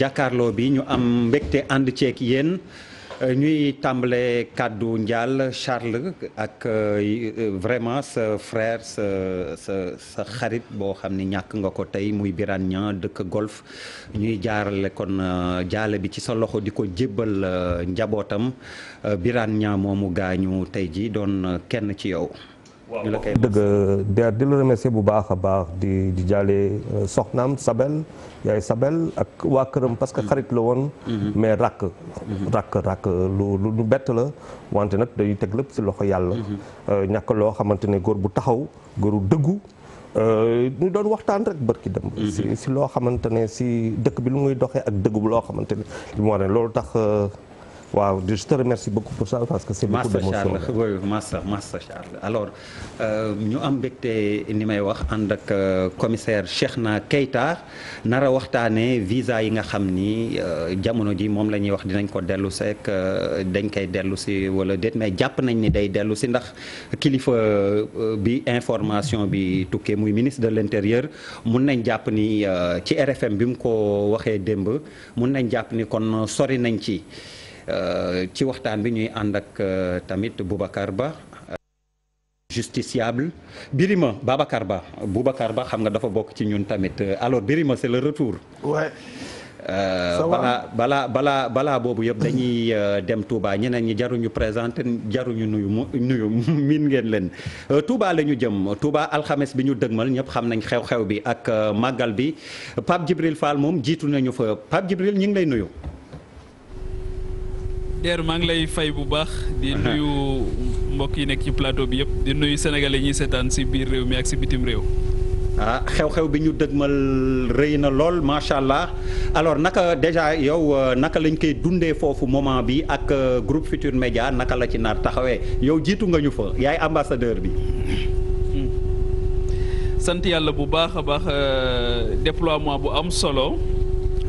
jàkkaarloo bi ñu am mbégte ànd ceeg yéen euh, ñuy tàmbale kàddu njaal Charles ak euh, vraiment sa frère sa sa sa xarit boo xam ni ñàkk nga ko tey muy Birane Niang dëkk golf ñuy jaarale kon euh, jaale bi ci sa loxo di ko jébbal njabootam Birane Niang moomu gaañu tey ji doon kenn ci yow. di la koy dëgg der di la remercier bu baax a baax di di jaale euh, soxnaam Sabel yaay Sabel ak waa këram parce que mm-hmm. xarit la woon. Mm-hmm. mais rakk mm-hmm. rakk rakk lu lu bett la wante nag dañuy teg lépp si loxo yàlla. Euh, ñàkk loo xamante ne góor bu taxaw góoru dëggu. Euh, ñu doon waxtaan rek bërki dem si loo xamante ne si dëkk bi lu muy doxee ak dëgg bu loo xamante ne li mu war ne loolu tax. waaw je te remercie beaucoup pour parce que c'est beaucoup d'émotion massa massa Charles alors euh, ñu am mbégte ni may wax ànd ak euh, commissaire Cheikhna na nar nara waxtaanee visa yi nga xam ni euh, jamono ji moom la ñuy wax dinañ ko dellu seek dañ koy dellu si wala déet mais jàpp nañ ni day dellu si ndax kilifa bi information bi tukkee muy ministre de l'intérieur mun nañ jàpp ni ci RFM bi mu ko waxee démb mun nañ jàpp ni kon sori nañ ci Euh, ci waxtaan bi ñuy ànd ak euh, tamit Boubacar Ba. Euh, justiciable Birima Babacar Ba Boubacar Ba xam nga dafa bokk ci ñun tamit alors Birima c'est le retour. Ouais. Euh, balaa balaa balaa boobu yëpp dañuy euh, dem Touba ñeneen ñi jaruñu présenté jaruñu nuyu nuyu miin ngeen leen euh, lañu jëm Touba alxames bi ñu dëgmal ñëpp xam nañ xew-xew bi ak màggal bi Pape Djibril Fall moom jiitu nañu fa Pape Djibril ñu ngi lay nuyu. Der maa ngi lay fay bu baax. di nuyu mbokk yi nekk ci plateau bi yëpp di nuyu sénégalais ñuy seetaan si biir réew mi ak si bitim réew. ah xew-xew bi ñu dëgmal rëy na lool macha allah alors naka déjà yow euh, naka lañ koy dundee foofu moment bi ak euh, groupe future Média naka la ci nar taxawee yow jiitu nga ñu fa yaay ambassadeur bi. Hmm. sant yàlla bu baax a baax euh, déploiement bu am solo.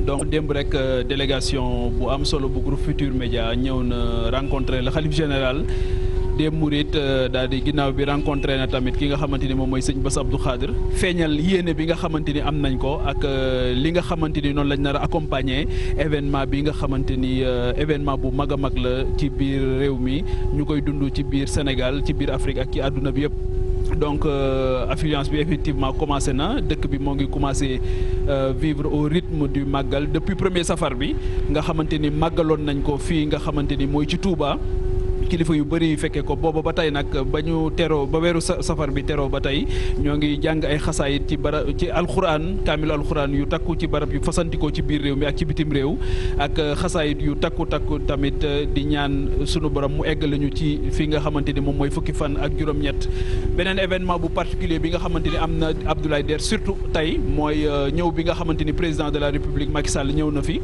donc démb rek euh, délégation bu am solo bu groupe Futur Média ñëw na rencontré le xalif général des Mourides euh, daal di ginnaaw bi rencontré na tamit ki nga xamante ni moom mooy sëñ ba Bass Abdou Khadir feeñal yéene bi nga xamante ni am nañ ko ak euh, li nga xamante ni noonu lañ nar a accompagner événement bi nga xamante ni événement bu mag a mag la ci biir réew mi ñu koy dund ci biir Sénégal ci biir Afrique ak ci àdduna bi yëpp. donc euh, affluence bi effectivement commencé na dëkk bi moo ngi commencé euh, vivre au rythme du màggal depuis premier safar bi nga xamante ni màggaloon nañ ko fii nga xamante ni mooy ci Touba. kilifa yu bëri fekkee ko booba ba tey nag ba ñu teroo ba weeru safar bi tero ba tey ñoo ngi jàng ay xasaayit ci bara ci alxuraan kaamilu alxuraan yu takku ci barab yu fasantikoo ci biir réew mi ak ci bitim réew ak xasaayit yu takku takku tamit di ñaan sunu borom mu eggale ñu ci fi nga xamante ni moom mooy fukki fan ak juróom-ñett beneen événement bu particulier bi nga xamante ni am na Abdoulaye Der surtout tey mooy euh, ñëw bi nga xamante ni président de la république Macky Sall ñëw na fi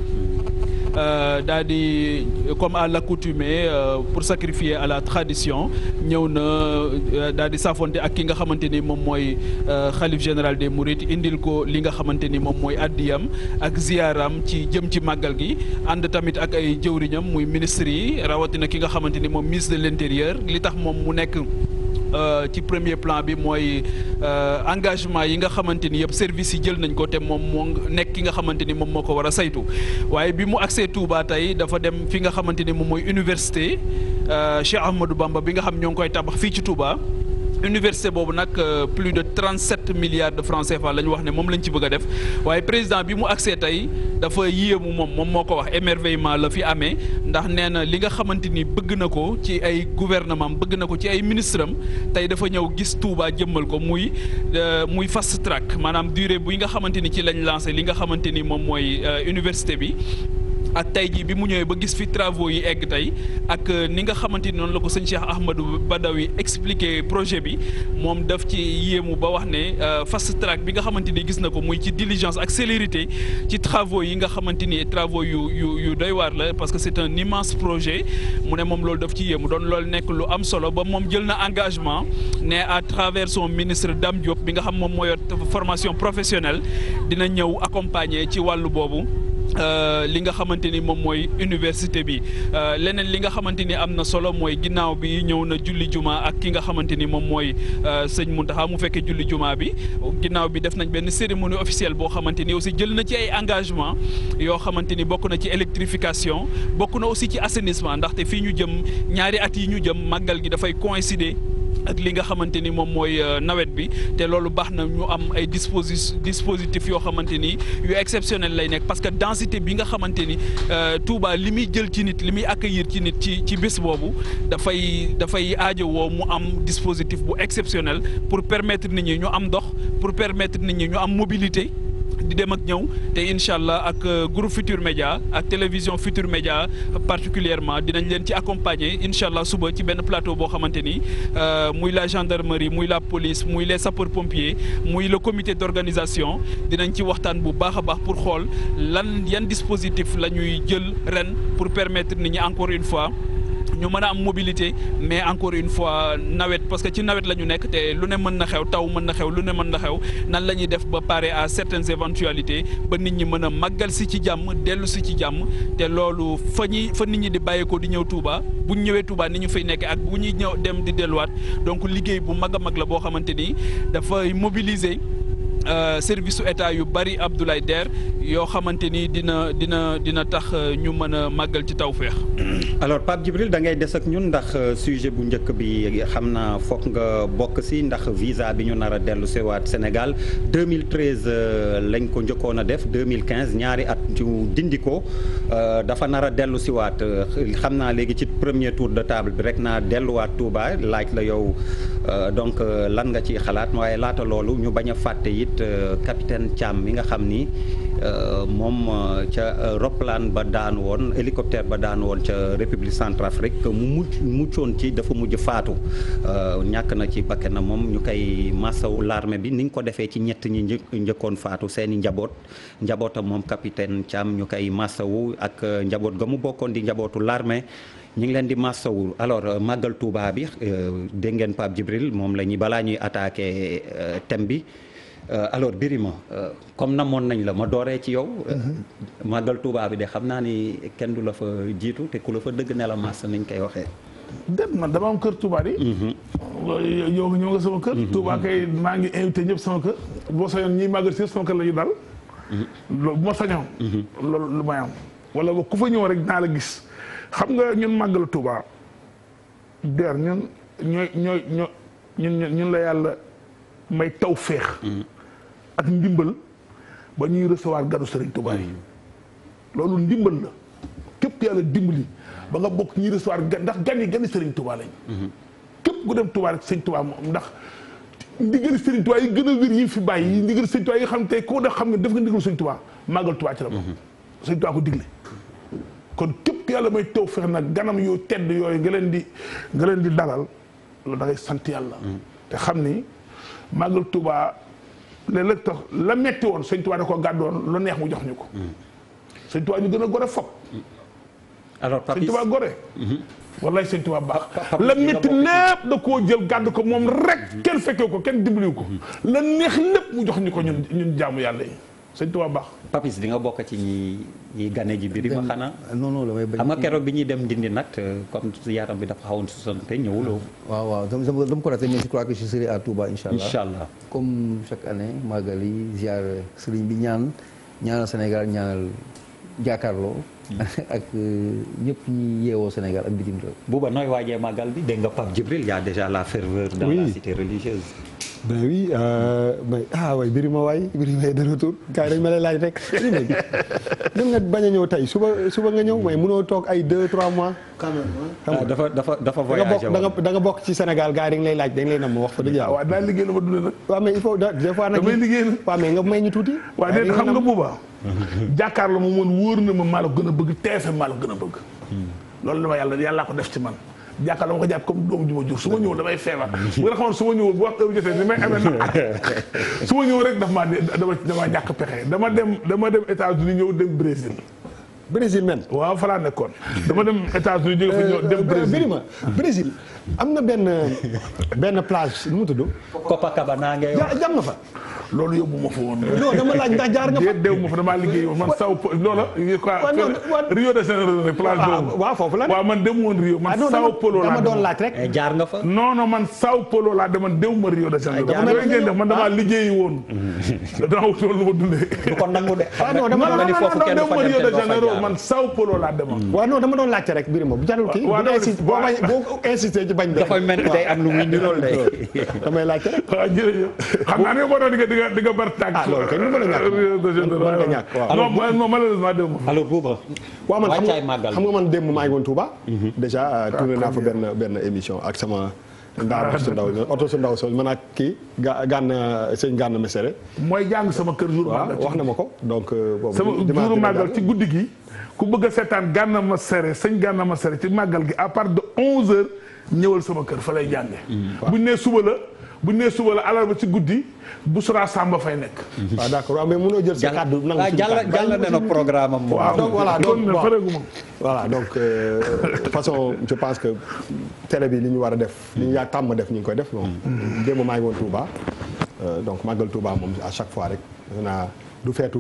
Euh, daal di comme à l'accoutumée euh, pour sacrifier à la tradition ñëw na euh, daal di saafonte ak ki nga xamante ni moom mooy xalif général des Mourides indil ko li nga xamante ni moom mooy addiyam ak ziyaaram ci jëm ci màggal gi ànd tamit ak ay jëwriñam muy ministre yi rawatina ki nga xamante ni moom ministre de l'intérieur li tax moom mu nekk Euh, ci premier plan bi mooy euh, engagement yi nga xamante ni yëpp service yi jël nañ ko te moom moo nekk ki nga xamante ni moom moo ko war a saytu waaye bi mu agsee Touba tey dafa dem fi nga xamante ni moom mooy université euh, Cheikh Ahmadou Bamba bi nga xam ñoo ngi koy tabax fii ci Touba. université boobu nag euh, plus de trent 37 milliards de francs CFA la ñu wax ne moom lañ ci bëgg a def waaye président bi mu agsee tey dafa yéemu moom moom moo ko wax émerveillement la fi amee ndax nee na li nga xamante ni bëgg na ko ci ay gouvernement bëgg na ko ci ay ministre am tey dafa ñëw gis tuubaa jëmmal ko muy euh, muy fast track maanaam durée bi nga xamante ni ci lañ lancé li nga xamante ni moom mooy euh, université bi ak tey jii bi mu ñëwee ba gis fi travaux yi egg tey ak euh, ni nga xamante ni noonu la ko sëñ Cheikh ba Badawi expliqué projet bi moom daf ci yéemu ba wax ne euh, fast track bi nga xamante ni gis na ko muy ci diligence ak célérité ci travaux yi nga xamante ni travaux yu yu yu doy waar la parce que c'est un immense projet mu ne moom loolu daf ci yéemu doon loolu nekk lu am solo ba moom jël na engagement ne à travers son ministre Dame Diop bi nga xam moom moo yor formation professionnelle dina ñëw accompagner ci wàllu boobu. Euh, li nga xamante ni moom mooy université bi euh, leneen li nga xamante ni am na solo mooy ginnaaw bi ñëw na julli juma ak ki nga xamante ni moom mooy euh, sëñ Muntaxa mu fekkee julli juma bi ginnaaw bi def nañ benn cérémonie officielle boo xamante ni aussi jël na ci ay engagement yoo xamante ni bokk na ci électrification bokk na aussi ci assainissement ndaxte fii ñu jëm ñaari at yi ñu jëm màggal gi dafay coïncider ak li nga xamante ni moom mooy euh, nawet bi te loolu baax na ñu am ay disposi dispositifs yoo xamante ni yu exceptionnel lay nekk parce que densité bi nga xamante ni euh, Touba li muy jël ci nit li muy accueillir ci nit ci ci bés boobu dafay dafay aajowoo mu am dispositif bu exceptionnel pour permettre nit ñi ñu am ndox pour permettre nit ñi ñu am mobilité di dem ak ñëw te incha allah ak euh, groupe Futur Média ak télévision Futur Média particulièrement dinañ leen ci accompagner incha allah suba ci benn plateau boo xamante ni euh, muy la gendarmerie muy la police muy les sapeurs pompiers muy la comité d'organisation dinañ ci waxtaan bu baax a baax pour xool lan yan dispositif la ñuy jël ren pour permettre ni ñi encore une fois. ñu mën a am mobilité mais encore une fois nawet parce que ci nawet la ñu nekk te lu ne mën na xew taw mën na xew lu ne mën na xew nan la ñuy def ba pare à certaines éventualités ba nit ñi mën a màggal si ci jàmm dellu si ci jàmm te loolu fa ñuy fa nit ñi di bàyyeekoo di ñëw Touba bu ñëwee Touba ni ñu fay nekk ak bu ñuy ñëw dem di delluwaat donc liggéey bu mag a mag la boo xamante ni dafay mobiliser. Euh, service su état yu bari Abdoulaye Der yoo xamante ni dina dina dina tax euh, ñu mën a màggal ci tawféex. alors Pape Djibril da ngay des ak ñun ndax euh, sujet bu njëkk bi xam naa foog nga bokk si ndax visa bi ñu nar a dellu waat Sénégal 2013 lañ ko njëkkoon a def 2015 ñaari at ñu dindi ko dafa nar a dellu siwaat xam naa léegi ci premier tour de table bi rek naa delluwaat Touba laaj la yow. Euh, donc euh, lan nga ciy xalaat waaye laata loolu ñu bañ a fàtte it euh, capitaine caam mi nga xam ni moom ca roplaan ba daan woon hélicoptère ba daan woon ca République Centrafrique mu mucc muccoon ci dafa mujj faatu ñàkk na ci bakkanam moom ñu koy wu l'armée bi ni nga ko defee ci ñett ñi njëkkoon faatu seen i njaboot njabootam moom capitaine Thiam ñu koy wu ak njaboot ga mu bokkoon di njabootu larme ñu ngi leen di massawu alors euh, màggal Touba bi euh, dégg ngeen Pape Djibril moom la ñuy balaa ñuy attaqué euh, thème bi alors Birima comme na moon nañ la ma dooree ci yow. Mhm. màggal Touba bi de xam naa ni kenn du la fa jiitu te ku la fa dëgg ne la massa nañ koy waxee. dem man dama am kër Touba bi mhm. yow ñëw nga sama kër. Mhm. Touba kay maa ngi invité ñëpp sama kër. boo sañoon ñiy màggal si sama kër la ñu dal. bu ma sañoon. loolu lu may am. wala ku fa ñëw rek naa la gis. xam nga ñun màggal Tuuba der ñun ñooy ñooy ñoo ñun ñun la yàlla may taw féex ak ndimbal ba ñuy recevoir ganu Sëriñ Tuuba yi loolu ndimbal la képp ku yàlla dimbali ba nga bokk ñuy recevoir gan ndax gan yi gani Sëriñ Tuuba lañ képp ku dem Tuuba rek Sëriñ Tuuba moom ndax ndigal Sëriñ Tuuba yi gën a wér yi fi bàyyi yi ndigal Sëriñ Tuuba yi xam te koo def xam nga def nga ndigal Sëriñ Tuuba màggal Tuuba ci la moom Sëriñ Tuuba ko digle kon képp yàlla may tow fex nag ganam yu tedd yooyu nga leen di nga leen di dalal loolu da sant yàlla mm. te xam ni màggal Tuubaa léeg-léeg tax la metti woon sëñ Tuubaa da ko gàddoon lu neex mu jox ñu ko mm. sëñ Tuubaa ñu gën a gore fop mm. alors Papis gore mm-hmm. wallaay sëñ Tuubaa baax la métti lépp da koo jël gàdd ko moom rek mm-hmm. kenn fekkee ko kenn dibliw ko mm-hmm. la neex lépp mu jox ñu ko ñun ñun jaamu yàlla yi sëñ Tuubaa baax. papis di nga bokk ci ñi ñi gane ji mbir ma xanaa. non non damay bañ xam nga keroog bi ñuy dem dindi nag comme yaram bi dafa xawoon susante ñëwuloo. waaw waaw dama dama ko raté mais je crois que je serai à Touba incha allah incha allah comme chaque année màggal yi ziar sëriñ bi ñaan ñaanal Sénégal ñaanal jàkkaarloo. Hmm. ak euh, ñëpp ñi yeewoo Sénégal ak bitim réew. Bouba nooy waajee màggal bi dégg nga Pape Djibril a déjà la ferveur. dans la cité religieuse. ben oui euh, mais ah ma waay Birima waay Birima de retour gars yi dañ ma lay laaj rek dem nga bañ a ñëw tey suba suba nga ñëw mais mënoo toog ay 2 3 mois. quand même ah, dafa dafa dafa voyagé da nga bokk nga bokk ci Sénégal gars yi dañ lay laaj dañ lay nam wax fa dëgg yàlla. waaw daal liggéey la ma dundee nag. waaw mais nga may ñu tuuti. waaw déedéet xam nga booba. jàkkaarloo ma woon wóor na ma maa gën a bëgg TFM maa la gën a bëgg. Hmm. loolu dama yàlla yàllaa ko def ci man jàkkaar dama ko jàpp comme doom ju ma jur su ma ñëw damay feebar bu nga xamoon su ma ñëw bu wax heure jotee may amee na ak su ma ñëw rek daf maa dama dama ñàkk pexe dama dem dama dem États-Unis ñëw dem Brésil Brésil même waaw fa laa nekkoon dama dem États-Unis jóge fa ñëw euh, dem euh, Brésil birima Brésil am na benn benn plage nu mu tudd Copacabana ngay wax jàmm nga fa loolu yóbbu ma fa woon. non dama laaj ndax jaar nga ma fa rek la ah, waaw man dem woon Rio man ah, Sao Paulo laa dama doon laaj rek. Eh, jaar nga fa. non non man Sao Paulo laa demoon déw ma Rio de Janeiro. jaar man damaa liggéeyi laa demoon. waaw doon laajte rek biir moom jarul kii. boo insisté ci bañ de. dafay mel de. damay nga di nga bar tànk. ah loolu kay mën na ñàkk mën non malheureusement démb. alors Bouba waaw man xam nga man démb maa mhm. euh, ah, benn benn ak sama. ndax su ndaw oto su ndaw soo mën a kii ga gànn euh, sëñ gànn mesere. mooy jàng sama kër jour màggal wax na ma ko donc. Euh, boobu sama jour màggal ci guddi gi. ku bëgg a seetaan gànn mesere sëñ gànn mesere ci màggal gi à part de 11 ñëwal sama kër fa lay jànge mhm. buñ ne suba la. bu ñu nee suba la ba ci guddi bu sura Samba fay nekk. waaw ah, d'accord waaw ah, mais mënoo jël sa kàddu. nangu ah, jàll jàll na na programme am. waaw donc voilà donc bon euh, façon je pense que tele bi li ñu war a def. li ñu yaa tàmm def ñu ngi koy def. bon mm-hmm. démb maa ngi woon Touba euh, donc màggal Touba moom à chaque fois rek naa du feetu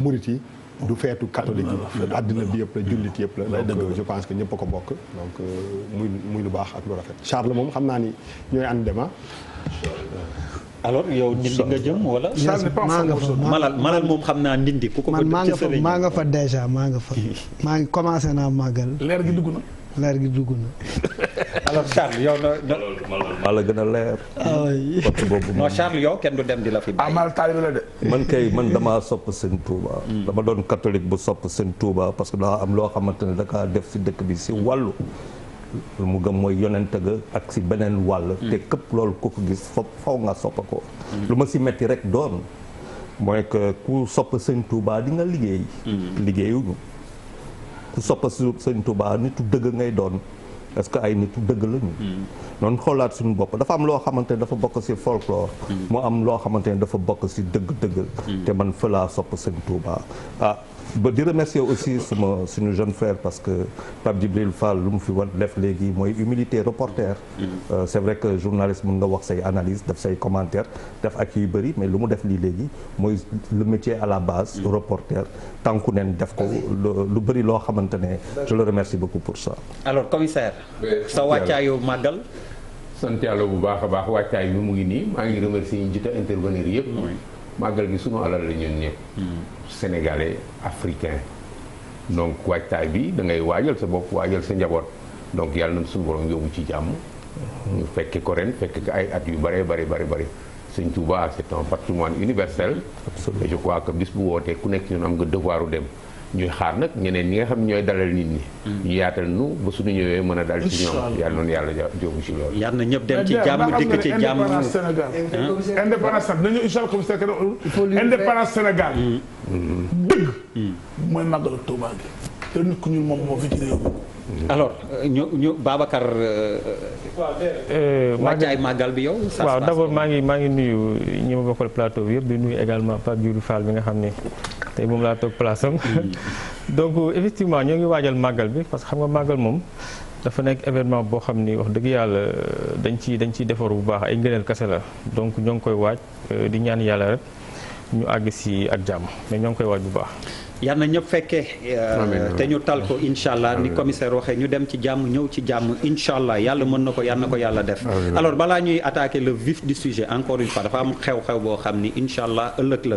murit yi. du feetu catholique yi àddina mm-hmm. bi yëpp la jullit yëpp la mm-hmm. donc je pense que ñëpp ko bokk donc euh, muy muy lu baax ak lu rafet Charles moom xam naa ni ñooy ànd dema alors yow ndindi nga jëm wala. maa nga fa malal malal moom xam naa ndindi ku ko man maa nga fa maa nga fa déjà maa nga fa. maa ngi commencé naa màggal. leer gi dugg na. leer gi dugg na. alors Charles yow na. maa gën a leer. boobu non Charles yow kenn du dem di la fi bàyyi. Ah, man kay man damaa sopp sëñ Touba. Hmm. dama doon catholique bu sopp sëñ Touba parce que daa am loo xamante ne da def si dëkk bi si wàllu. lu mu gëm mooy yonent ga ak si beneen wàll mm. te këpp loolu ku ko gis fop faw nga sopp ko lu ma si metti rek doon mooy que ku sopp sëñ Touba di nga liggéey mm. liggéeyuñu ku soppa sëñ Touba dëgg ngay doon parce que ay nitu dëgg lañu mm. noonu xoolaat suñu bopp dafa am loo xamante ne dafa bokk si folklore mu am loo xamante ne dafa bokk si dëgg-dëgg te man fa sopp sëñ Touba ah ba di remercier aussi sama suñu jeune frère parce que Pape Djibril Fall lu mu fi war def léegi mooy humilité reporter mm-hmm. euh, c' est vrai que journaliste mun nga wax say analyse def say commentaire def ak yu bëri mais lu mu def lii léegi mooy le métier à la base mm-hmm. reporter tànku neen def ko lu bëri loo xamante ne je le remercie beaucoup pour ça alors commissaire sa wàccaayu màggal sant yàlla bu baax a baax wàccaay bi mu ngi nii maa ngi remercier ñu jot a intervenir yëpp màggal gi sunu alal la ñun ñëpp. Hmm. sénégalais africain. donc waajtaay bi da ngay waajal sa bopp waajal sa njaboot donc yàlla na suñu borom yóbbu ci jàmm. ñu fekke ko ren fekke ko ay at yu bëree bëri bëri bëri. sëñ Touba c'est un patrimoine universel. et je crois que bis bu wootee ku nekk ñun am nga devoiru dem. ñuy xaar nag ñeneen ñi nga xam ñooy dalal nit ñi. Mm. ñu yaatal nu ba suñu ñëwee mën a dal ci ñoom yàlla noonu yàlla jógu ci loolu. yàlla na ñëpp dem ci jàmm dikk ci jàmm. indépendance Sénégal indépendance nañu incha allah commissaire keneen indépendance Sénégal. Mm. dëgg. Mm. mooy màggalu Touba gi. te nit ku ñuul moom moo fi ci réew alors euh, ñu ñu Babacar. Euh, euh, wàccaay màggal bi yow. waaw d'abord maa ngi maa ngi nuyu ñi ma bokkal plateau bi yëpp di nuyu également Pape Diourou Fall bi nga xam ne. tey moom laa toog place am hmm. donc effectivement ñoo ngi waajal màggal bi parce que xam nga màggal moom dafa nekk événement boo xam ni wax dëgg yàlla euh, dañ ci dañ ciy defar bu baax ay ngëneel kese la donc ñoo ngi koy waaj euh, di ñaan yàlla rek ñu àgg si ak jàmm mais ñoo ngi koy waaj bu baax. yal na ñëpp fekkee euh, te ñu tal ko incha allah ni commissaire waxee ñu dem ci jàmm ñëw ci jàmm incha allah yàlla mën na ko yal ko yàlla def alors balaa ñuy attaquer le vif du sujet encore une fois am xew-xew boo xam ni incha allah ëllëg la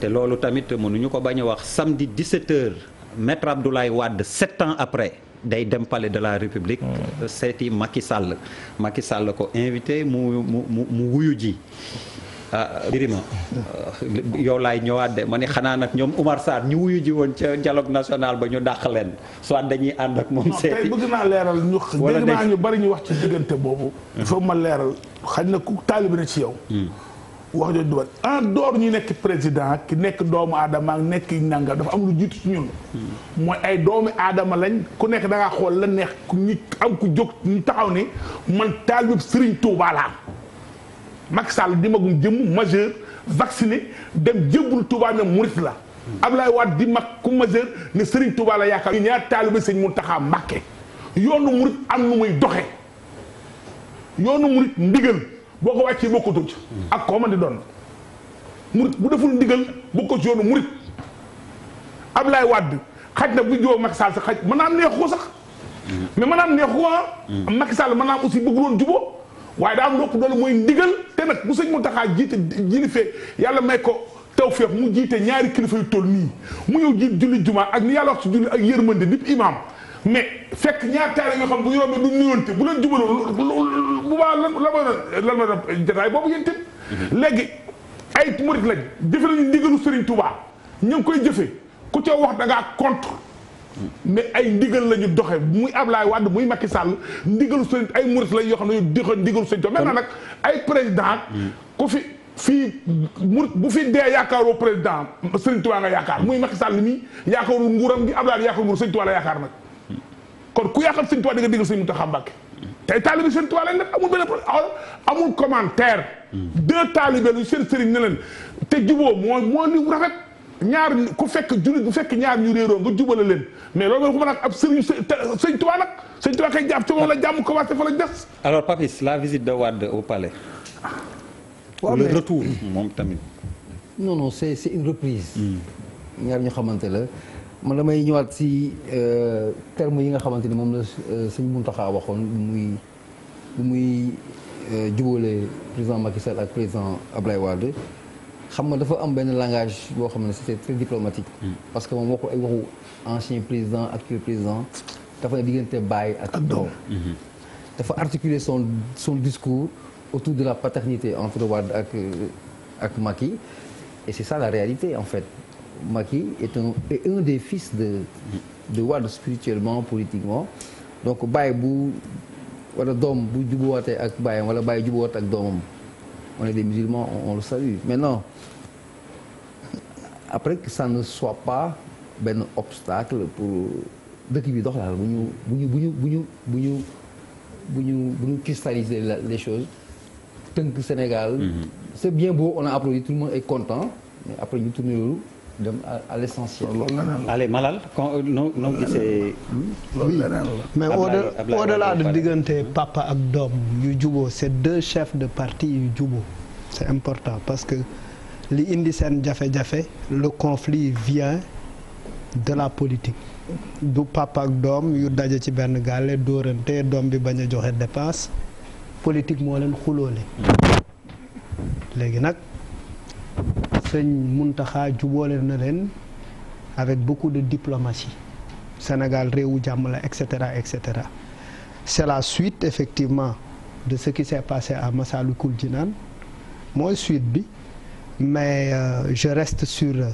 te loolu tamit mënuñu ko bañ a wax samedi 17h maître Abdoulaye Wade sept ans après day dem palais de la République. Hmm. Euh, seeti Macky sàll Macky sàll ko invité mu mu mu mu wuyu ji. ah Birima euh, yow laay ñëwaat de ma ne xanaa nag ñoom Umar Sarr ñu wuyu ji woon ca dialogue national ba ñu dàq leen soit dañuy ànd ak moom. seeti bëgg naa leeral ñu. wala dégg naa bari ñu wax ci diggante boobu. il faut ma leeral xaj na ku taalibe na ci yow. Hmm. wax jooju du en dehors ñu nekk président ki nekk doomu aadama ak nekk nanga dafa am lu jiitu ci ñun. mooy ay doomu aadama lañ ku nekk da xool la neex ku ñu am ku jóg ñu taxaw ni man taalib sëriñ Touba laa Macky Sall di magum jëm majeur vacciné dem jébbul Touba ne murit la. Ablaye Wade di mag ku majeur ne Serigne Touba la yaakaar. ñu ñaar taalibe sëñ Mountakha Mbacké yoonu murit am nu muy doxee yoonu murit ndigal. boo ko wàccee bokkutoo ci. ak koo man di doon. murit bu deful ndigal bokkoo ci yoonu murit Ablaye Wade xaj na bu jubóo Macky Sall xaj mën naa am neexu ko sax. mais mën naa am neexu ko ah. Mm. Macky naa am aussi woon jubóo. waaye daa am lépp doole mooy ndigal te nag bu sëñ taxaa jiite jilife yàlla may ko tawfeex mu jiite ñaari kilifa yu toll nii mu ñëw jiit julli jumaa ak ni yàlla wax ci julli ak yërmande nit imaam. mais fekk ñaar taal yoo xam bu ñu rombee du nuyonte bu leen jubaloo bu baax lan la ma lan ma def jataay boobu yéen tamit. Mhm. léegi ay murit lañ jëfe nañu ndigalu Serigne Touba ñu ngi koy jëfe ku ca wax da ngaa mais ay ndigal la doxe muy Ablaye Wade muy Macky Sall ndigalu Serigne ay murit lañ yoo xam ne ñu doxe ndigalu Serigne Touba. maintenant nag ay président mhm. ku fi. fii mu bu fi dee yaakaaroo président Serigne Touba nga yaakaar muy Macky Sall mi yaakaarul nguuram gi Abdoulaye yaakaarul nguur Serigne Touba la yaakaar nag kon ku yàqal Sëñ Tuubaa di nga digal Sëñ Muntaxa Mbàkke tey taalibe Sëñ Tuubaa lañ def amul benn problème ah, amul commentaire deux taalibe lu seen sëriñ ne leen te juboo moo moo li rafet ñaar ku fekk jullit bu fekk ñaar ñu réeroo nga jubale leen mais loolu nga ko mën a ab sëriñ Sëñ Tuubaa nag Sëñ Tuubaa kay jàpp ci moom la jàmm commencé fa la des alors Papis la visite de Wade au palais waaw le retour moom tamit non non c'est c'est une reprise hmm. ñaar ñu xamante la man damay ñëwaat si euh, terme yi nga xamante ni moom la euh, sëñ Mountakha waxoon bu muy bu muy euh, jubóole président Macky Sall ak président Ablaye Wade xam nga dafa am benn langage boo xam ne c'était très diplomatique. Mm. parce que moom waxul ay waxu ancien président actuel président dafa ne diggante baay ak doom. Mm-hmm. dafa articuler son son discours autour de la paternité entre Wade ak maki Macky et c'est ça la réalité en fait. Macky est un des fils de de Wade spirituellement politiquement donc bàyyi bu wala doom bu jubóotee ak bàyyam wala bàyyi jubóot ak doom on est des musulmans on, on le salue maintenant après que ça ne soit pas benn obstacle pour dëkk bi dox daal bu ñu bu ñu bu ñu bu ñu bu ñu bu ñu cristalliser les choses tënk Sénégal. Mm-hmm. c'est bien beau on a applaudi tout le monde est content mais après ñu tourner loolu. dem à mais au au-delà diggante papa ak doom yu juboo c'est deux chefs de partie yu juboo c'est important parce que li indi seen jafe-jafe le conflit vient de la politique du papa ak doom yu daje ci benn gaale dóorante doom bi bañ a joxe dépense politique moo leen xuloole léegi nag. sëñ Muntaxa juboole na leen avec beaucoup de diplomatie Sénégal réewu jàmm la et cetera cetera c'est la suite effectivement de ce qui s'est passé à Massalikul Jinaan mooy suite bi mais euh, je reste sur euh,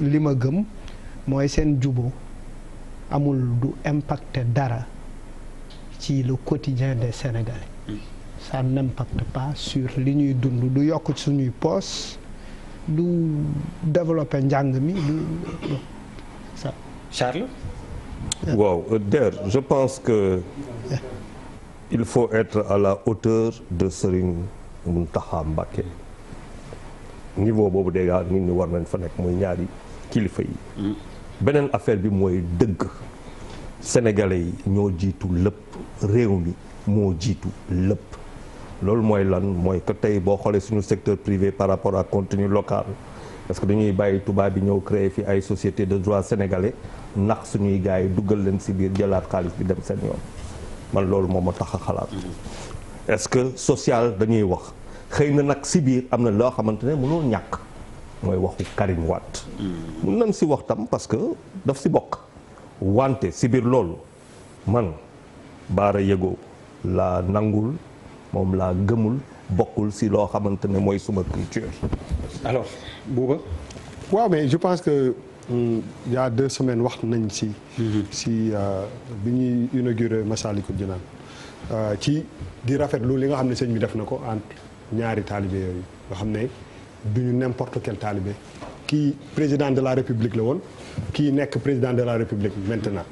li ma gëm mooy seen juboo amul du impacte dara ci le quotidien des Sénégalais mm. ça n'impacte pas sur li ñuy dund du yokk suñuy poos du développe njàng mi Charles. waaw d'ailleurs je pense que il faut être à la hauteur de Serigne Mountakha Mbacké niveau boobu déjà nit ñi war nañ fa nekk muy ñaari kilifa yi. beneen affaire bi mooy dëgg. sénégalais yi ñoo jiitu lépp réew mi moo jiitu lépp. loolu mooy lan mooy que tey boo xoolee suñu secteur privé par rapport ak contenu local parce que dañuy bàyyi tubaab bi ñëw créer fi ay société de droit sénégalais ndax suñuy gars yi duggal leen si biir jëlaat xaalis bi dem seen yoon man loolu moom ma tax a xalaat est-ce que sociale dañuy wax xëy na nag si biir am na loo xamante ne mënul ñàkk mooy waxu Karim Wade mun nañ si wax tam parce que daf si bokk wante si biir loolu man baara yëgoo la nangul moom laa gëmul bokkul si loo xamante ne mooy suma culture. alors Bouba. waaw mais je pense que jaar hmm, y a deux semaines wax nañ si. Mm-hmm. si euh, bi ñuy inauguré Massalikul Jinaan euh, ci di rafetlu li nga xam ne sëñ bi def na ko entre ñaari taalibe yooyu nga xam ne duñu n'importe quel taalibe kii président de la république la woon kii nekk président de la république maintenant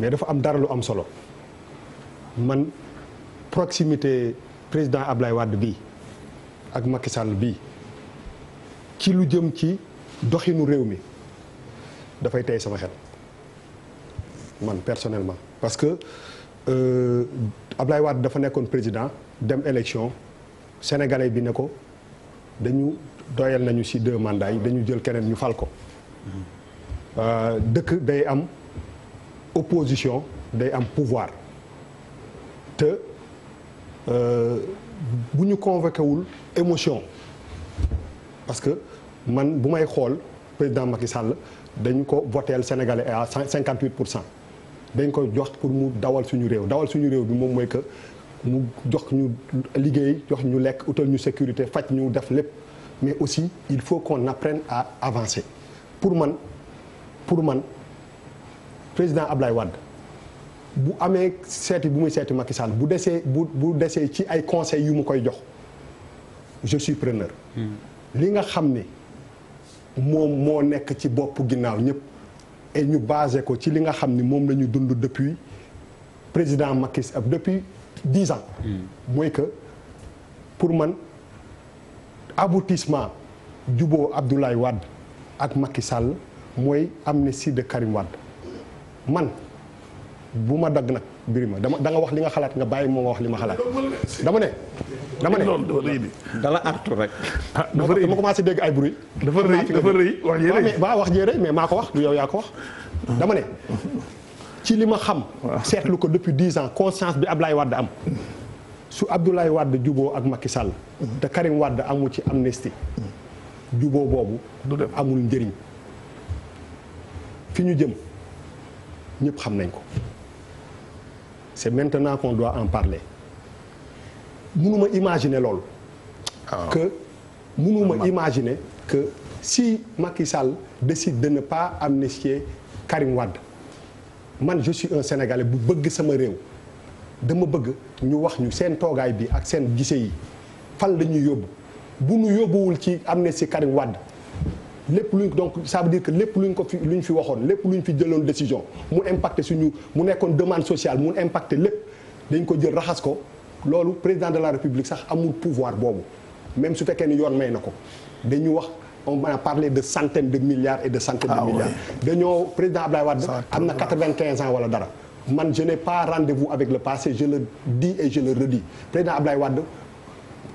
mais dafa am dara lu am solo proximité président Ablaye wadd bi ak Macky Sall bii ci lu jëm ci doxinu réew mi dafay tey sama xel man personnellement. parce que euh, Ablaye Wade dafa nekkoon président dem élection sénégalais bi ne ko dañu doyal nañu ci deux mandats dañu jël keneen ñu fal ko euh, dëkk day am opposition day am pouvoir te. Euh, bu ñu convoqué wul émotion parce que man bu may xool président Macky Sall dañ ko voteel sénégalais à 58 pour cent dañ ko jox pour mu dawal suñu réew dawal suñu réew bi moom mooy que mu jox ñu liggéey jox ñu lekk utal ñu sécurité faj ñu def lépp mais aussi il faut qu'on apprenne à avancer pour man pour man président Ablaye wàdd bu amee seeti bu muy seeti Macky Sall bu desee bu bu desee ci ay conseils yu mu koy jox je suis preneur. Hmm. li nga xam ni moom moo nekk ci bopp ginnaaw ñëpp. et ñu basé ko ci li nga xam ni moom la ñu dund depuis président Macky Sall euh, depuis dix ans. Hmm. mooy que pour man aboutissement juboo Abdoulaye Wade ak Macky Sall mooy am amnistie de Karim Wade man. bu ma dagg nag Birima dama da nga wax li nga xalaat nga bàyyi moo nga wax li ma xalaat dama ne dama ne dala artu rek ah, dama commencé dégg ay bruit dafa rëy dafa wax jëre mais maa ko wax du yow yaa ko wax dama ne ci li ma xam seetlu ko depuis dix ans conscience bi Ablaye Wade am su Abdoulaye Wade juboo ak Macky Sall te Karim wàdd amul ci amnistie juboo boobu amul njëriñ fi ñu jëm ñëpp xam nañ ko c'est maintenant qu'on doit en parler mënuma imaginer loolu ah. que mënuma imaginer que si Macky Sall décide de ne pas amnistier Karim Wade man je un Sénégalais bu bëgg sama réew dama bëgg ñu wax ñu seen toogaay bi ak seen gise yi fan la ñuy yóbbu bu ñu yóbbuwul ci amnistie Karim Wade lépp luñ donc ça veut dire que lépp lu ñu ko fi ñu fi waxoon lépp lu ñu fi jëloon décision mu impacté suñu mu nekkoon demande social mun impacté lépp dañ ko jël raxas ko loolu président de la république sax amul pouvoir boobu même su fekkee ni yoon may na ko dañu wax on a parlé de centaines de milliards et de centaines ah de milliards dañoo président Abdoulaye Wade am na 95 ans wala dara man jeune n'ai pas rendez-vous avec le passé je le dis et je le redis président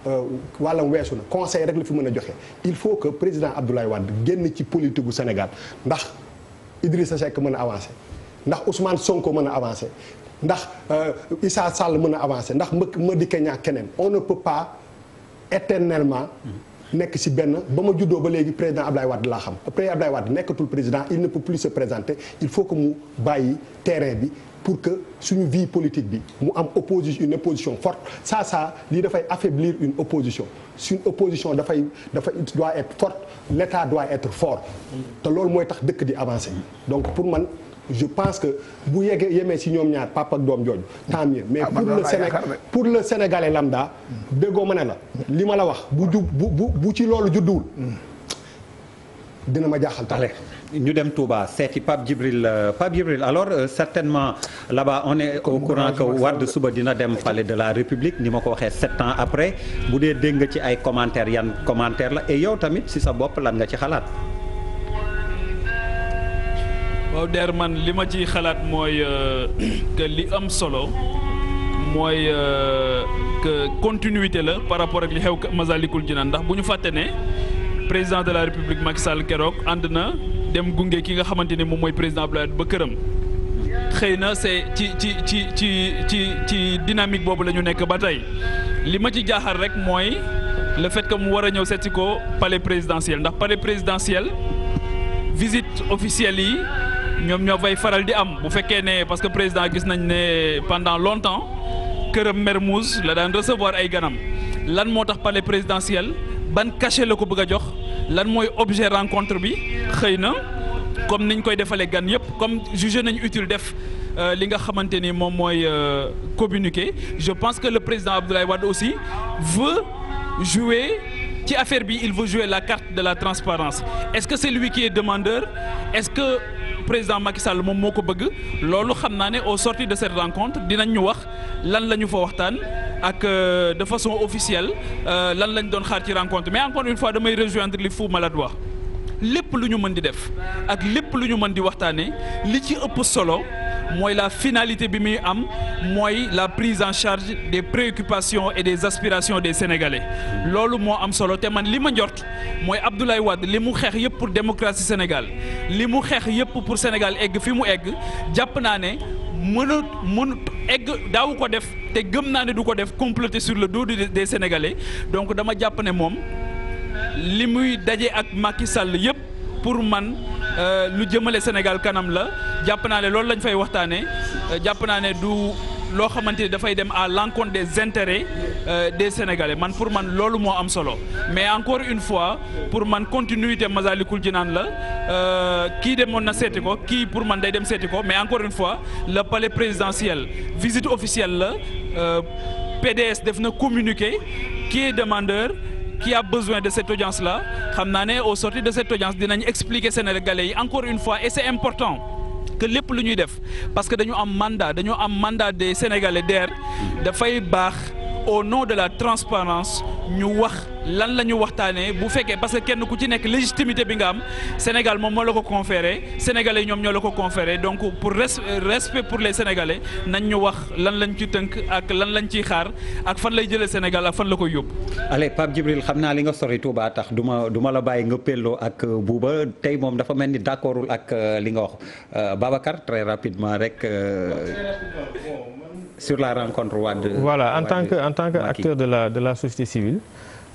Euh, wàllam weesu na conseil rek la fi mën a joxe il faut que président Abdoulaye Wade génn ci politique gu Sénégal ndax Idrissa Seck mën a avancé ndax Ousmane Sonko mën a avancer ndax euh, Issa Sall mën a avancer ndax ma ma di ñaa keneen on ne peut pas éternellement nekk ci benn ba ma juddoo ba léegi président Ablaye Wade laa xam après Ablaye Wade nekkatul président il ne peut plus se présenter il faut que mu bàyyi terrain bi pour que suñu vie politique bi mu am opposition une opposition forte ça ça lii dafay affaiblir une opposition suñu opposition dafay dafay doit être forte l'État doit être fort mm. te loolu mooy tax dëkk di avancer donc pour man je pense que bu yeggee yemee si ñoom ñaar papa ak doom jooju tant mieux mais ah, pour le Sénégal pour le sénégalais lambda déggoo ma ne la li ma la wax bu ju bu bu bu ci loolu judduwul dina ma jaaxal tale ñu dem Touba seeti Pape Djibril euh, Pape Djibril alors euh, certainement là-bas on est au courant que Wade suba dina dem palais de la République ni ma ko waxee sept ans après bu dee dégg nga ci ay commentaires yan commentaires la et yow tamit si sa bopp lan nga ci xalaat waaw der man li ma ciy xalaat mooy euh, que li am solo mooy euh, que continuité la par rapport ak li xew Masalikul Jinaan ndax bu ñu fàtte ne président de la république Macky Sall keroog ànd na dem gunge ki nga xamante ne moom mooy président Abdoulaye ba këram. xëy na c'est ci ci ci ci ci ci dynamique boobu la ñu nekk ba tey li ma ci jaaxal rek mooy le fait que mu war a ñëw seet ko palais présidentiel ndax palais présidentiel visite officielle yi. ñoom ñoo fay faral di am bu fekkee ne parce que président gis nañ ne pendant longtemps këram Mermoz la daan recevoir ay ganam lan moo tax palais présidentiel ban cachet la ko bëgg a jox lan mooy objet rencontre bi xëy na comme niñ koy defalee gan yëpp comme jugé nañ utile def euh, li nga xamante ni moom mooy euh, communiqué je pense que le président Abdoulaye Wade aussi veut jouer ci affaire bi il veut jouer la carte de la transparence est-ce que c'est lui est-ce que président Macky Sall moom moo ko bëgg loolu xam naa ne au sorti de cette rencontre dinañ ñu wax lan la ñu fa waxtaan ak euh, de façon officielle euh, lan lañ doon xaar ci rencontre mais encore une fois damay rejoindre li Fou Malade wax lépp lu ñu mën di def ak lépp lu ñu mën di waxtaanee li ci ëpp solo mooy la finalité bi muy am mooy la prise en charge des préoccupations et des aspirations des sénégalais loolu moo am solo te man li ma njort mooy Abdoulaye Wade li mu xeex yëpp pour démocratie Sénégal li mu xeex yëpp pour Sénégal egg fi mu egg jàpp naa ne mënut mënut egg daawu ko def te gëm naa ne du ko def comploter sur le dos des Sénégalais donc dama jàpp ne moom. li muy daje ak Macky Sall yëpp pour man euh, lu jëmale Sénégal kanam la jàpp naa ne loolu lañ fay waxtaanee euh, jàpp naa ne du loo xamante ni dafay dem à l'encontre des intérêts euh, des Sénégalais man pour man loolu moo am solo mais encore une fois pour man continuité Masalikul Jinaan la kii demoon na seeti ko kii pour man day dem seeti ko mais encore une fois le palais présidentiel visite officielle la PDS def na communiqué qui demandeur qui a besoin de cette audience-là xam naa ne au sorti de cette audience dinañ expliquer Sénégalais yi encore une fois et c'est important que lépp lu ñuy def parce que dañu am mandat dañu am mandat de Sénégalais der dafay baax. au nom de la transparence ñu wax lan la ñu waxtaanee bu fekkee parce que kenn ku ci nekk légitimité bi nga am Sénégal moom moo la ko conféré sénégalais ñoom ñoo la ko conféré donc pour respect pour le sénégalais nañ ñu wax lan lañ ci tënk ak lan lañ ciy xaar ak fan lay jëlee Sénégal ak fan la koy yóbbu. allez Pape Djibril xam naa li nga sori Touba tax duma ma la bàyyi nga pelloo ak Bouba tey moom dafa mel ni d'accordul ak euh, li nga wax euh, Babacar très rapidement rek. Euh, sur la rencontre Wade. voilà en tant que en tant que acteur de la de la société civile.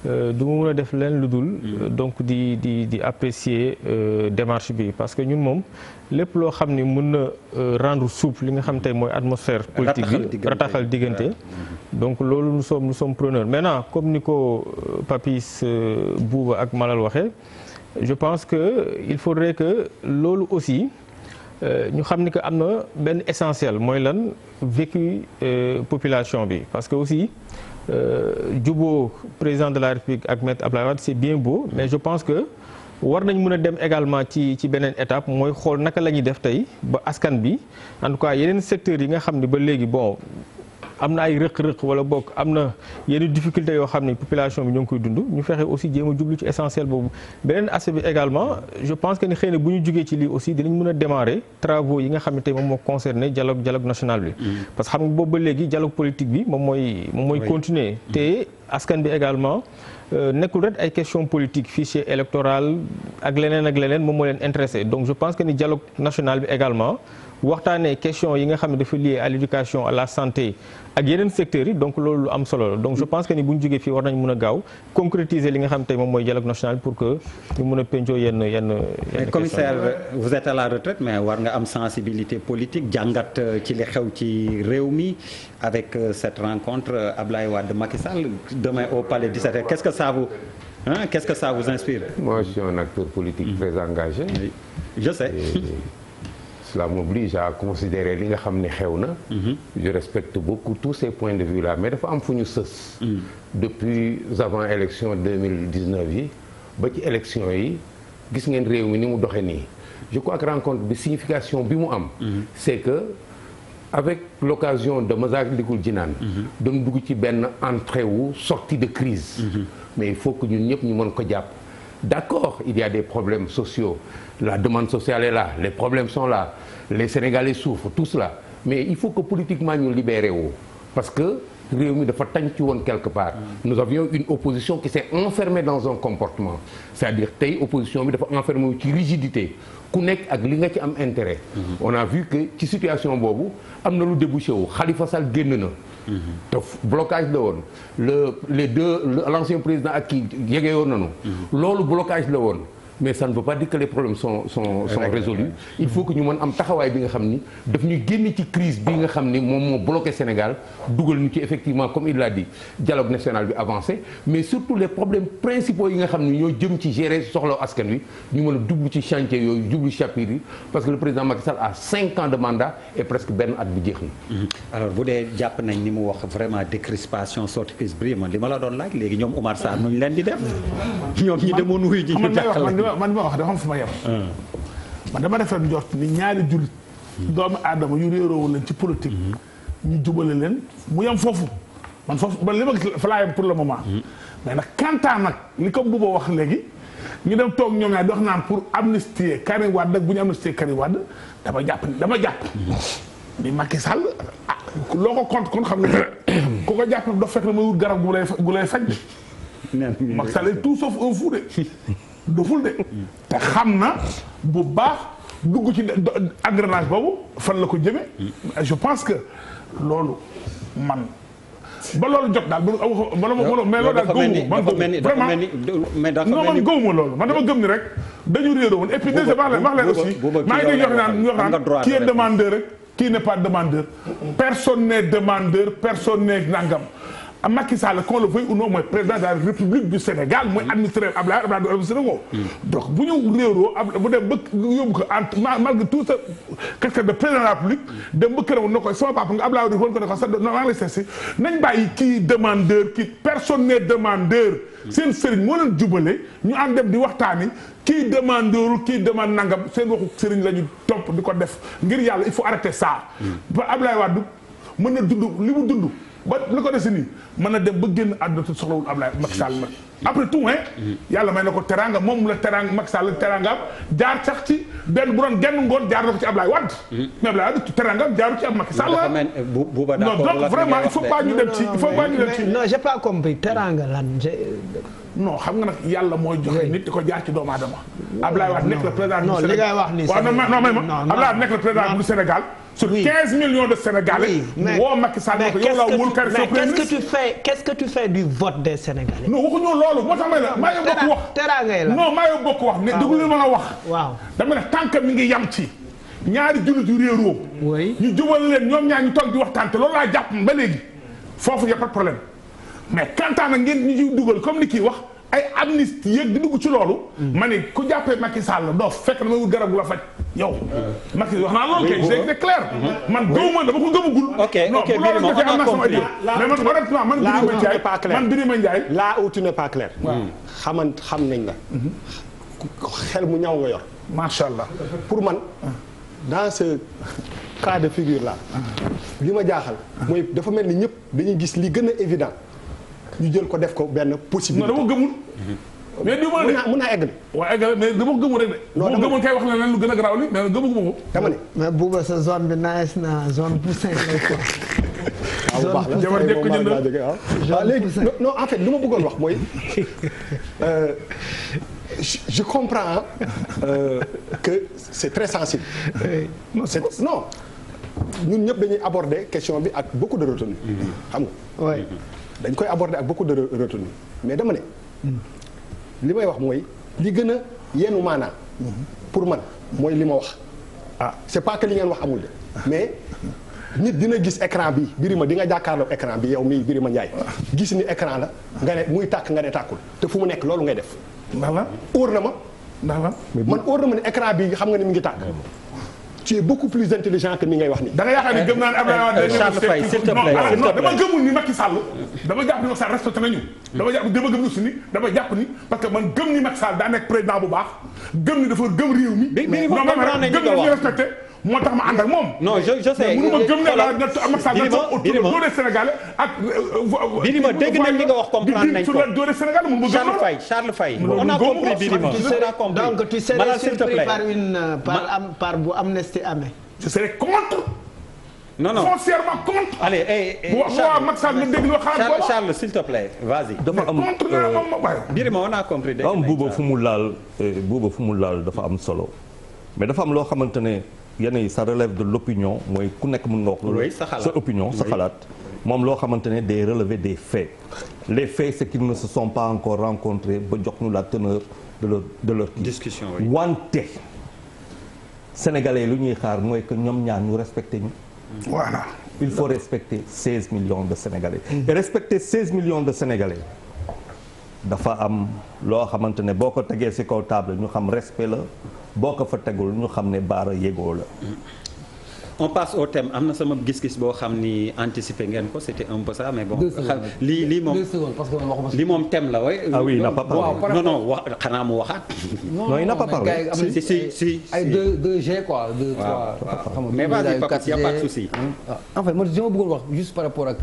Euh, du ma mën a def leen lu dul. Mm. Euh, donc di di di apprécier euh, démarche bi parce que ñun moom lépp loo xam ni mën na rendre souple li nga xam tey mooy atmosphère politique bi rataxal diggante. donc loolu nous sommes nous sommes preneurs comme ni ko Papis Bouba ak Malal waxee je pense que il faudrait que loolu aussi. ñu xam ni que am na benn essentiel mooy lan vécu euh, population bi parce que aussi euh, jubo président de la république ak maître Abdoulaye Wade c'est bien beau mais je pense que war nañ mën a dem également ci ci beneen étape mooy xool naka la ñuy def tey ba askan bi en tout cas yeneen secteurs yi nga xam ni ba léegi bon am na ay rëq-rëq wala bokk am na yenn difficultés yoo xam ne population bi ñoo ngi koy dund ñu fexe aussi jéem a jublu ci essentiel boobu beneen aspect bi également je pense que ni xëy bu ñu jugee ci lii aussi dinañ mën a démarrer travaux yi nga moom moo concerné dialogue dialogue national bi mm-hmm. parce que xam nga boobu ba léegi dialogue politique bi moom mooy moom mooy continuer mm-hmm. te askan bi également euh, nekkul rek ay question politique fichier électoral ak leneen ak leneen moom moo leen intéressé donc je pense que ni dialogue national bi également waxtaanee question yi nga xam ne dafa lié à l'éducation à la santé ak yeneen secteurs yi donc loolu am solo la donc je pense que ni bu ñu jógee fii war nañ mën a gaaw concrétiser li nga xam tey moom mooy dialogue national pour que ñu mën a pencoo yenn yenn yenn commissaire vous êtes à la retraite mais war nga am sensibilité politique jàngat euh, ci li xew ci réew mi avec euh, cette rencontre euh, Ablaye Wade Macky Sall demain au palais 17 qu'est-ce que ça vous hein qu'est-ce que ça vous inspire moi je suis un acteur politique mmh. très engagé oui. je sais cela m'oblige à considérer li nga xam ne xew na mhm. je respecte beaucoup tous ces points de vue là mais dafa am fu ñu sës mhm. depuis avant élection 2019 yi ba ci élection yi gis ngeen réew mi ni mu doxe nii je crois que rencontre bi signification bi mu am mhm. c'est que avec l'occasion de Massalikul Jinaan dañu dugg ci benn entrée wu sortie de crise mais il faut que ñun ñëpp ñu mën ko jàpp D'accord, il y a des problèmes sociaux. La demande sociale est là, les problèmes sont là. Les Sénégalais souffrent, tout cela. Mais il faut que politiquement nous libérions. Parce que Réumi de Fatantuon quelque part. Nous avions une opposition qui s'est enfermée dans un comportement. C'est-à-dire, l'opposition est enfermée dans une rigidité. ak li nga qui am intérêt. Mhm. On a vu que, dans cette situation, il y a débouché. Khalifa Sall na Mm-hmm. te blocage la woon le les deux l'ancien président ak kii yegeyoon nañu mm-hmm. loolu blocage la woon mais ça ne veut pas dire que les problèmes sont sont il faut que ñu mën am taxawaay bi nga xam ni daf ñu génn ci crise bi nga xam ni moom moo bloqué Sénégal dugal ñu ci effectivement comme il l'a dit dialogue national bi avancé mais surtout les problèmes principaux yi nga xam ni ñoo jëm ci gérer soxla askan wi ñu mën a jublu ci chantier yooyu jublu chapitre parce que le président Macky Sall a cinq ans de mandat et presque benn at bi jeex na bu mm-hmm. dee ni mu wax vraiment décrispation sortie crise doon laaj léegi ñoom Oumar Sarr man li ma wax dafa am fu ma yem. man dama def ren njort ni ñaari jullit. doomu aadama yu réeróowul leen ci politique. ñu jubale leen mu yem foofu. man foofu man li ma gis fa laa yem pour le moment. mais nag kantaan nag li ko Bouba wax léegi. ñu dem toog ñoom ñaar dox naan pour amnistier Karim Wade bu ñu amnistier Karim Wade dama jàpp ni dama jàpp. ni Macky Sall ah loo ko compte kon xam nga ku ko jàpp daf fekk ne muy wut garab gu lay gu lay faj. Macky Sall tout sauf un doful de te xam na bu baax dugg ci engrenage boobu fan la ko jëme je pense que loolu man ba loolu jot daal ba ma ma mais loolu daal gëwuma man vraiment non man gëwuma loolu man dama gëm ni rek dañu réeroo woon et puis déjà wax leen wax leen aussi maa ngi dégg yox naan yox naan qui est demandeur rek qui n'est pas demandeur personne n'est demandeur personne n'est nangam a Macky Sall qu'on le veuille ou non mooy président de la République du Sénégal mooy administrateur Abdoulaye Wade administrateur woo donc bu ñu réeroo ab bu dem ba yóbbu ko en malgré tout ça quelqu'un de président de la République dem ba këram na ko sama papa nga Abdoulaye Wade woon ko ne ko sax maa ngi lay seet si nañ bàyyi kii demandeur kii personne seen sëriñ moo leen jubale ñu am dem di waxtaani kii demandeuru kii demande nangam seen waxu sëriñ la ñu topp di ko def ngir yàlla il faut arrêter ça ba Abdoulaye Wade mën na dund li mu dund ba li ko dese nii mën a dem ba génn àdduna te soxlawul Ablaye Macky Sall nag après tout hein yàlla may na ko teranga moom la teranga Macky Sall terangaam jaar sax ci benn bu doon genn ngoon jaar na ko ci Ablaye Wade mais Ablaye Wade terangaam jaaru ci ab Macky Sall eh, non donc vraiment il faut pas ñu dem ci il faut pas ñu dem ci non j'ai pas compris teranga lan non xam nga nag yàlla mooy joxe nit di ko jaar ci doomaadama aadama. Ablaye Wade wax nii. non non non Ablaye Wade nekk le président du Sénégal. sur 15 de Sénégalais. mais woo Macky Sall ne ko yow laa moo tax may la maa yow bokk wax teraangay la non maa yow bokk wax ne ah, déglu li ma la wax. waaw dama ne tant mi ngi yam ci. ñaari jullit yu réeroo. ñu jubal leen ñoom ñaar ñu toog di waxtaan te loolu laa jàpp ba léegi foofu y a pas problème mais kantaan nag ngeen ñu ciy dugal comme ni kii wax ay amnistie yëg di dugg ci loolu. Mm. ma ne ku jàppee Macky Sall ndox fekk na ma wut garab gu la faj. yow Macky wax mm-hmm. man gëmuma dama ko gëmagul. ok ok bii on a compris mais man honnêtement man. là où tu n'es pas clair man Birima Ndiaye. là où mm. xaman xam nañ la. Mm-hmm. xel mu ñaw nga yor. macha allah pour man ah. dans ce cas de figure là. Ah. li ma jaaxal. Ah. mooy dafa mel ni ñëpp dañuy gis li gën a évident. ñu jël ko def ko benn possibilité. non dama gëmul. Mm-hmm. mais du ma de mën naa mën egg. waaw egg mais dama gëmul rek de. non dama na leen lu gën a garaaw li mais gëmu ko. dama ne mais buuba bi na zone poussin lay quoi. Ah, la moom laa jógee waaw léegi non en fait lu ma bëggoon wax mooy euh, je comprends euh, que c'est très sensible. non non ñun ñëpp dañuy aborder question bi ak beaucoup de retenue. Mm-hmm. xam nga. Mm-hmm. dañ koy aborder ak beaucoup de retenue mais dama ne li may wax mooy li gën a yenu maanaa pour man mooy li ma wax ah c'est pas que li ngeen wax amul de mais nit dina gis écran bi ma di nga jàkkaarloo ecran bi yow mii Birima Ndiaye gis ni ecran la nga ne muy tàkk nga ne tàkkul te fu mu nekk loolu ngay def ndax la óor na ma ndax la man óor na ma ne écran bi xam nga ne mu ngi tàkk tu es beaucoup plus intelligent que ni ngay wax ni da nga yaakaar ni gëm eh, eh, ah, ni Macky Sall dama jàpp ni Macky Sall respecté nañu dama gëm ni dama jàpp ni parce que man gëm ni Macky Sall bu baax gëm ni dafa gëm réew mi gëm ni respecté moo tax ma ànd ak moom. non je je sais mënu ma gëm ne la Macky Sall dafa autour doole Sénégal ak. Euh, Birima dégg nañ li nga wax comprendre nañ ko doole Sénégal mënu ma gëm Charles Faye Charles Faye. on a compris Birima on a compris donc tu serais surpris euh, par une par am par bu amnistie amee. je serais contre. non non foncièrement contre. allez eh eh Charles Charles s'il te plaît vas-y. dafa am euh, Birima on a compris. dégg nañ am buuba fu mu laal buuba fu mu laal dafa am solo mais dafa am loo xamante ne. yenn yi ça relève de l'opinion mooy ku nekk mën nga wax loolu sa opinion sa xalaat moom loo xamante ne day relever des faits les faits c'est qu'ils ne se sont pas encore rencontrés ba jox ñu la teneur de leur de wante sénégalais lu ñuy xaar mooy que ñoom ñaar ñu respecté ñu voilà il faut respecter 16 millions de sénégalais et respecter 16 millions de sénégalais dafa am loo xamante ne boo ko tegee si kaw table ñu xam respect la boo ko fa tegul ñu xam ne baara yégoo la on passe au thème am na sama gis-gis boo xam ni anticiper ngeen ko c'était un peu ça mais bon. lii lii moom lii moom thème la way ah oui il n'a pas xanaa mu waxaat. non il y papa a pas de souci. Ah, en ma bëggoon wax juste par rapport ak.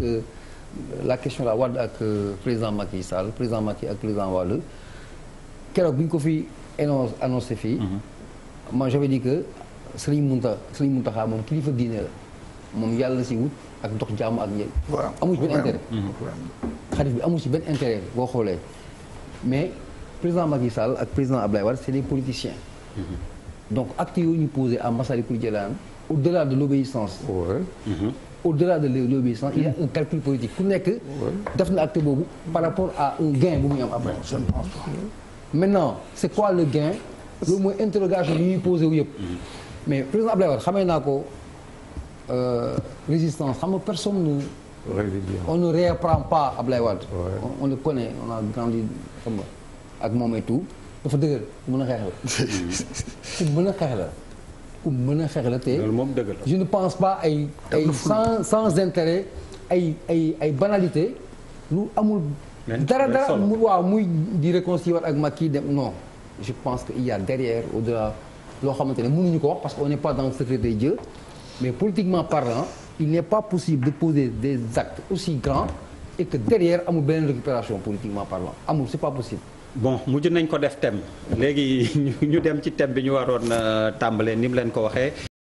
la question la Wade ak euh, président Macky Sall président Macky ak président Wade keroog bi ñu ko fi énoncé annoncé fii. man mhm. j'avais dit que Serigne Mounta Serigne Mountakha moom kilifa diine la moom yàlla si wut ak dox jàmm ak njëriñ. waaw amul ci benn intérêt. Mhm. xarit bi boo xoolee mais président Macky Sall ak président Abdoulaye Wade c'est des politiciens. Mhm. donc acte yooyu ñu posé à Massalikul Jinaan au-delà de l'obéissance. au la de l'obéissance il y a un calcul politique ku nekk def na acte boobu par rapport à un gain bu muy am après je ne maintenant c'est quoi le gain loolu mooy interrogation yi ñuy posé wu yëpp mais président Abdoulaye Wade xamee naa ko euh, résistance xam nga personne ne on ne réapprend pas Abdoulaye Wade on le connaît on a grandi xam nga ak tout dafa dëgër mën a xeex la mën a xeex la ku mën a xeex la te je ne pense pas ay ay sans sans intérêt ay ay ay banalité lu amul dara dara mu muy di réconcilier ak Macky dem non je pense que y a derrière au-delà loo xamante ne mënuñu ko parce que on n'est pas dans le secret des mais politiquement parlant il n'est pas possible de poser des actes aussi grands et que derrière amul benn récupération politiquement parlant amul c'est pas possible bon mujj nañ ko def tem léegi ñu dem ci tem bi ñu waroon euh, tàmbalee ni mu leen ko waxee